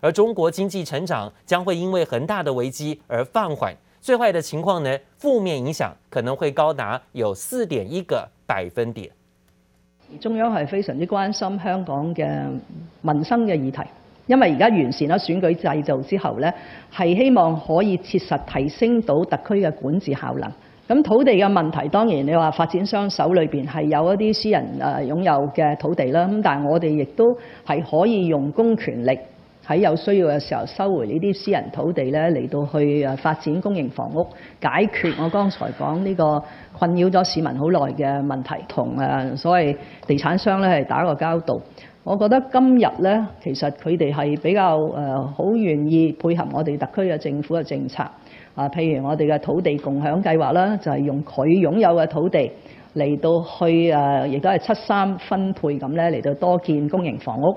而中國經濟成長將會因為恒大的危機而放緩。最壞的情況呢，負面影響可能會高達有四點一個百分點。中央係非常之關心香港嘅民生嘅議題，因為而家完善咗選舉制度之後咧，係希望可以切實提升到特區嘅管治效能。咁土地嘅問題，當然你話發展商手裏邊係有一啲私人誒擁有嘅土地啦。咁，但係我哋亦都係可以用公權力。喺有需要嘅時候收回呢啲私人土地咧，嚟到去誒發展公營房屋，解決我剛才講呢個困擾咗市民好耐嘅問題，同誒所謂地產商咧係打個交道。我覺得今日咧，其實佢哋係比較誒好、呃、願意配合我哋特區嘅政府嘅政策。啊，譬如我哋嘅土地共享計劃啦，就係、是、用佢擁有嘅土地嚟到去誒、啊，亦都係七三分配咁咧嚟到多建公營房屋。